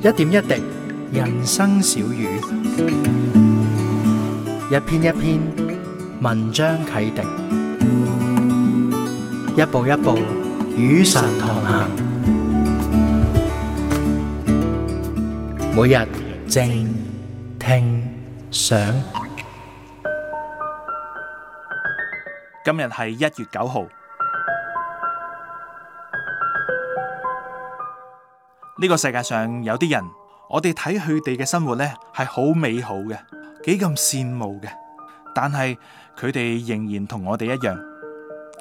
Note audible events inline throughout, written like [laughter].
一點一滴，人生小語；一篇一篇，文章啟迪；一步一步，雨傘同行。每日靜聽想，今日係一月九號。呢個世界上有啲人，我哋睇佢哋嘅生活咧，係好美好嘅，幾咁羨慕嘅。但係佢哋仍然同我哋一樣，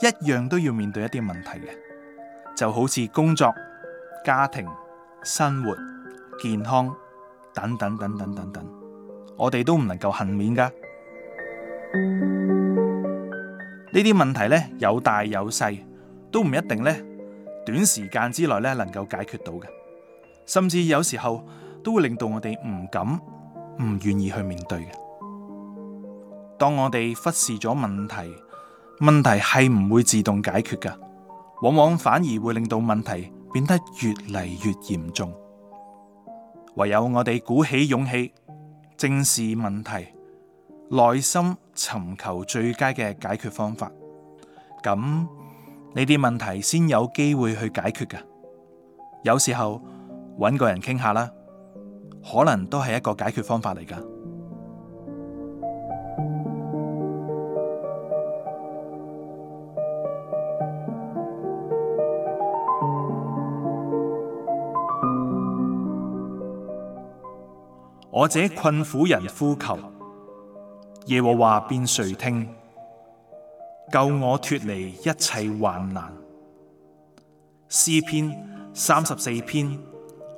一樣都要面對一啲問題嘅，就好似工作、家庭、生活、健康等等等等等等，我哋都唔能夠幸免噶。呢啲問題咧有大有細，都唔一定咧短時間之內咧能夠解決到嘅。甚至有時候都會令到我哋唔敢、唔願意去面對嘅。當我哋忽視咗問題，問題係唔會自動解決噶，往往反而會令到問題變得越嚟越嚴重。唯有我哋鼓起勇氣正視問題，內心尋求最佳嘅解決方法，咁呢啲問題先有機會去解決㗎。有時候。搵個人傾下啦，可能都係一個解決方法嚟㗎。 [music] 我這困苦人呼求，耶和華便垂聽， [music] 救我脫離一切患難。 [music] 詩篇三十四篇。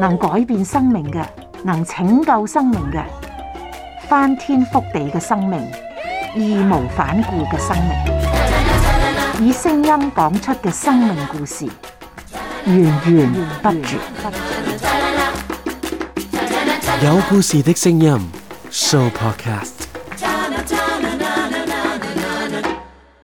能改變生命嘅，能拯救生命嘅，翻天覆地嘅生命，義無反顧嘅生命，以聲音講出嘅生命故事，源源不絕。有故事的聲音 Sooo Podcast。